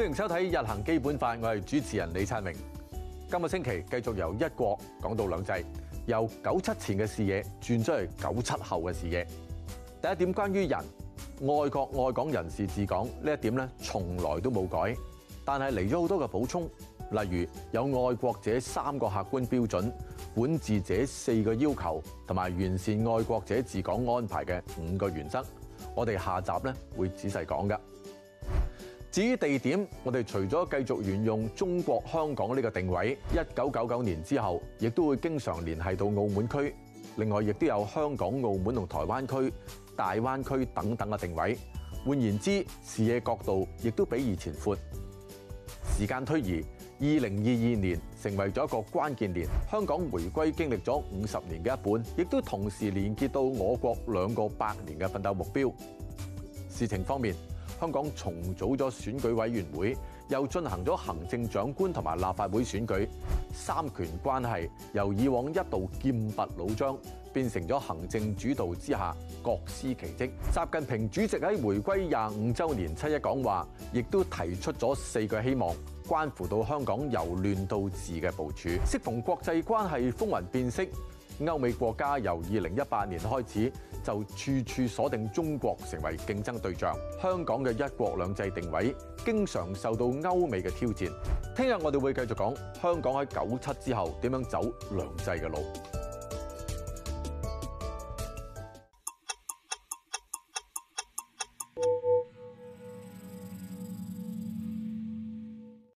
歡迎收睇《日行基本法》，我係主持人李燦明。今個星期繼續由一國講到兩制，由九七前嘅視野轉出嚟九七後嘅視野。第一點關於人愛國愛港人士治港呢一點咧，從來都冇改，但係嚟咗好多嘅補充，例如有愛國者三個客觀標準，管治者四個要求，同埋完善愛國者治港安排嘅五個原則。我哋下集咧會仔細講㗎。至於地點，我哋除咗繼續沿用中國香港呢個定位，一九九九年之後，亦都會經常聯繫到澳門區。另外，亦都有香港、澳門同台灣區、大灣區等等嘅定位。換言之，視野角度亦都比以前闊。時間推移，二零二二年成為咗一個關鍵年，香港回歸經歷咗五十年嘅一半，亦都同時連結到我國兩個百年嘅奮鬥目標。事情方面。香港重組咗選舉委員會，又進行咗行政長官同埋立法會選舉，三權關係由以往一度劍拔弩張，變成咗行政主導之下各司其職。習近平主席喺回歸廿五週年七一講話，亦都提出咗四個希望，關乎到香港由亂到治嘅部署。適逢國際關係風雲變色。歐美國家由二零一八年開始就處處鎖定中國成為競爭對象，香港嘅一國兩制定位經常受到歐美嘅挑戰。聽日我哋會繼續講香港喺九七之後點樣走兩制嘅路。